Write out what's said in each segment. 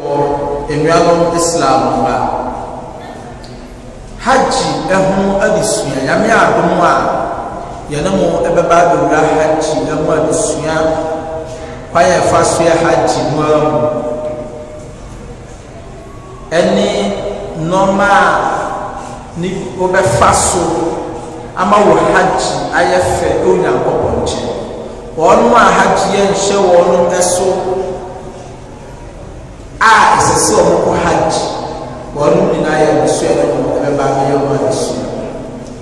wɔ nnuanom islam a hajj ho adesua nyame adom a yɛne mo bɛba abɛwura hajj ho adesua kwan a ɛfa so yɛ hajj no ara mu ɛne nneɛma a ne wɔbɛfa so ama wɔ hajj ayɛ fɛ onyankopɔn nkyɛn wɔn a hajj yɛ nhyɛ wɔn so sɛ ɔmo kɔ hajj wɔn nyinaa yɛ ɔmo so ɛna ɔmo ɛbɛba ɛyɛ ɔmo adesu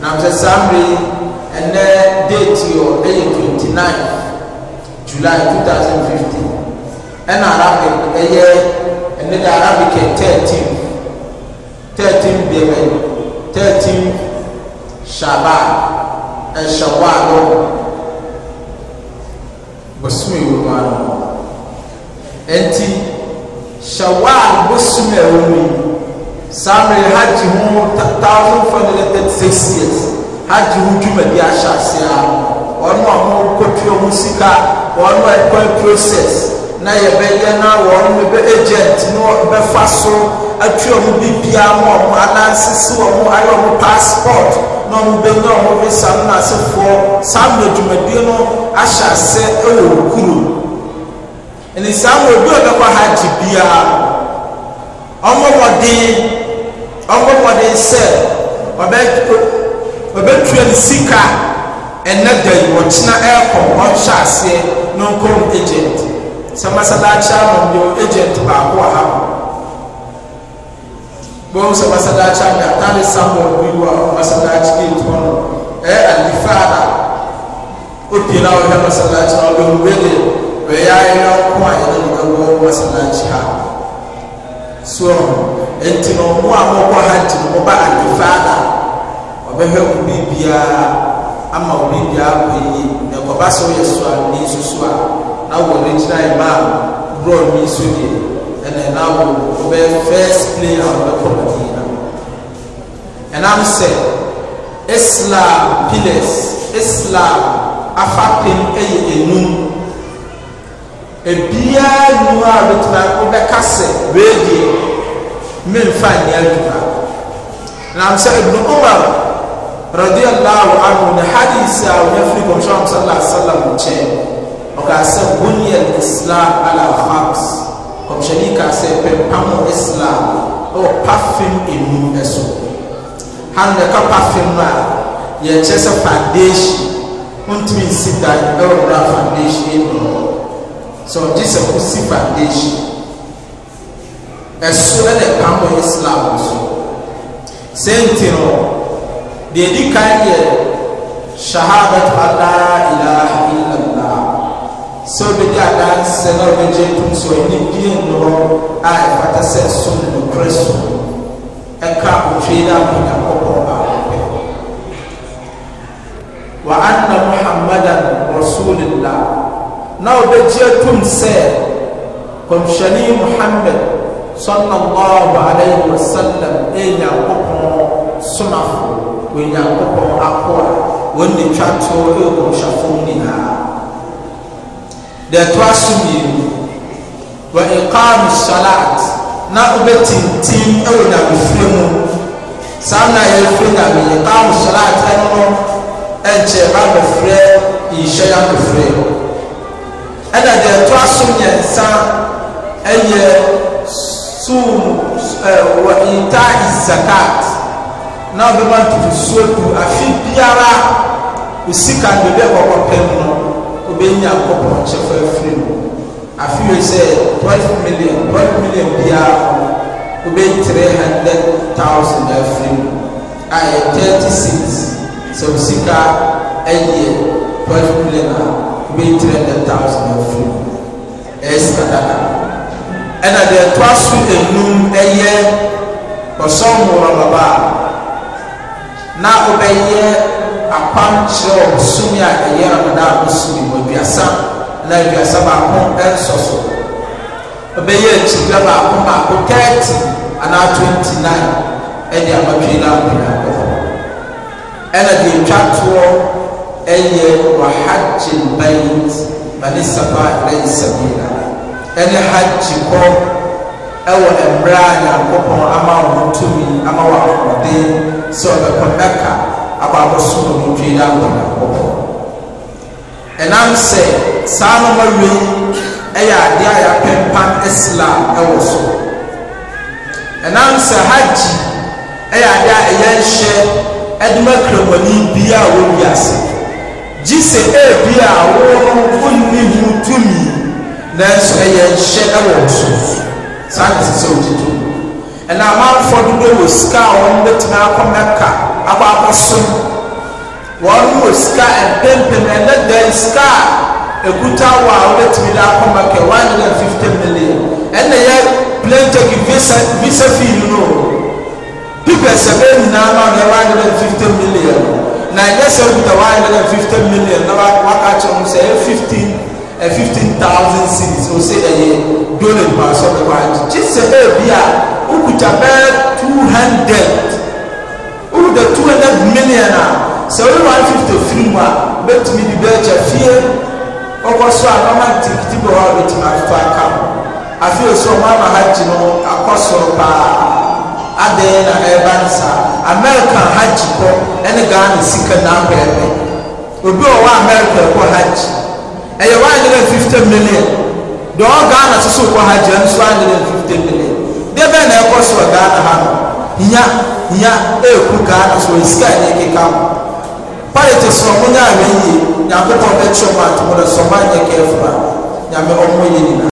nam sɛ samre ɛnɛ deeti yɔ ɛyɛ twenty nine july two thousand fifteen ɛna arabic ɛyɛ ɛnɛ de arabic yɛ thirteen thirteen bɛbɛ thirteen shaban ɛhyɛwaa no bosome wɔ mu ɛnti shawal bosom a ɛwɔ mu yi saa mmere hagye ho thousand four hundred and thirty six years hagye ho dwumadi ahyɛ ase a wɔn a wɔkɔtua ho sika wɔn a ɛkɔ process na yɛbɛyɛ na wɔn bɛ agent na bɛfa so atua ho biribiara ma wɔn anansi si wɔn ayɛ wɔn passport na wɔn bɛnya wɔn visa no na asefoɔ saa mmere dwumadie no ahyɛ ase ɛwɔ kurom. ɛne ma obi ɔbɛkɔ hagye biara ɔmmɔmɔden ɔmmɔmɔden sɛ ɔbɛtua ne sika ɛnɛ da yi wɔkyena ɛrekɔ ɔhyɛ aseɛ no nkɔm agent sɛ masadaakye ama deɛ agent baako wɔ ha bɔn sɛ masadaakye ama ataade samuel bi wɔ masadaakye gate hɔ no ɛyɛ alifaada opie na ɔhwɛ masadaakye na ɔbɛn wɛde. bɛyɛ ayɛ na ɔko a yɛne ne bɛwɔ masalakyi ha so ɛnti no ɔmo a mɔbɔ ha nti no mɔba adefaada ɔbɛhwɛ wo biribiara ama wo biribiara kɔ yie na ɛkɔba sɛ woyɛ so a ne nso so a na wɔ no gyina yɛ ma a borɔ mi so deɛ ɛna ɛna wo ɔbɛyɛ first player a ɔbɛkɔ madina ɛnam sɛ islam pillars islam afa pem ɛyɛ enum ɛbiaa nni a dotomawobɛka sɛ beedye memfa nne aduba nam sɛ ibnu omar radialahu anhu ne harisa a wɔnafri kɔnhɛam sala a salam nkyɛ ɔka sɛ bunyal islam alahabs kɔmhyɛni ka sɛ pɛmpamho islam ɛwɔ pa fem anum ɛso har dɛka pa fem a yɛkyɛ sɛ pandaɛshi wontumi nsi da ne ɛwɔbra pandesyi anum sɛ ɔgye sɛ kosi pa ndasi ɛso ɛdɛ kankɔ islam so sɛi nti ho deɛ ɛdi kan yɛ shahadat a la ilaha ilalah sɛ obɛdi adansɛ ne wobɛkye atom sɛ ɔne die nno hɔ a ɛfata sɛ so ne nokrɛ sono ɛka ɔtwai da a mo nyankɔkɔɔ ba ɔpɛ wanna muhammadan rasulllah na wobɛgye atom sɛ kɔmhyɛne muhammad sallallahu alaihi wasallam ɛyɛ eh, nyankopɔn somafo wɔ nyankopɔn akoa wɔn ne twatoɔ ɛwɔ kɔmhyɛfoɔ nyinaa deɛ ɛtoa so mmienu wɔ iqam salat eh, na wobɛtintim ɛwɔ nyamefrɛ mu saa na yɛfiri nyame iqam salat ɛno eh, no ɛnkyɛ ba bɛfrɛ yihyɛ yamefrɛ ɛna deɛ ɛto aso mmiɛnsa ɛyɛ sum wɔ nta zakat na ɔbɛma ntutusuo du afi biara osika bebe ɛkɔkɔ pɛm no ɔbɛnya kɔkɔ kyɛfɔ afiri mu afi yɛ sɛ twelve million twelve million biara ɔbɛn three hundred thousand afiri mu a yɛ thirty six sɛ osika ɛyɛ twelve million a bɛyɛ three hundred thousand afu ɛsika dada ɛna deɛ ɛtɔ so enum ɛyɛ ɔsɔn wɔn baba na ɔbɛyɛ apam kyerɛ ɔsumi a ɛyɛ ramadan ɔsumi wɔ aduasa na aduasa baako ɛnsɔ so ɔbɛyɛ akyirika baako baako thirty anaa twenty nine ɛde abatwi na ɔbɛyɛ akɔkɔ ɛna deɛ atwa toɔ. ɛyɛ wahagye bait mane saba ɛyɛ sabila ɛne hagye kɔ ɛwɔ mmerɛ a nyankopɔn ama wo tumi ama wo ahoɔden sɛ ɔbɛkɔ daka aba abɔsom no mu nyankopɔn ɛnam saa wei adeɛ a yɛapempam islam ɛwɔ so ɛnam sɛ hagye adeɛ a hyɛ gye sɛ ebi a wɔnni hu tumi nanso ɛyɛ nhyɛ ɛwɔ so saa na sɛ sɛ ogyigye ɛna amanfo dodoɔ wɔ sika a wɔn bɛtena akɔ mɛka abɔ akɔso wɔn wɔ sika mpempem ɛnɛ dɛn sika a ekuta wɔ a wɔbɛtumi de akɔ mɛka one hundred and fifty million ɛna yɛ plenteki visa visa fee no pipɛ sɛbɛn nyinaa no a wɔyɛ one hundred fifty million na ɛnyɛ sɛ okuta one hundred and fifty million na waka kyerɛ ho sɛ ɛyɛ fifteen fifteen thousand cities o sɛ ɛyɛ donate pa so ɛkɔ agye kye sɛ ɛɛbi a okuta bɛɛ two hundred okuta two hundred million a sɛ ɔyɛ one fifty three. mu a bɛtumi di bɛɛ kyɛ fie ɔkɔ so a mama tikiti bɛ hɔ a bɛtumi afa ka ho afei o sɛ ɔmo ama ha gye no akɔ soro paa adan na ɛɛba ne saa america hajj kɔ ɛne ghana sika n'apɛɛpɛ obi wɔ hɔ america kɔ hajj ɛyɛ one hundred and fifty million deɛ ɔwɔ ghana soso kɔ hajj ɛno so one hundred and fifty million deɛ bɛn na ɛkɔ so wɔ ghana ha no hinya hinya ɛɛku ghana so wɔ sika ɛna ɛkeka ho politics no ɔmo nyɛ ahwɛ yie nyakopɔn bɛkyerɛ mu atomo no so ɔmo anyɛ kɛɛfo a nyame ɔmo yɛ nyinaa.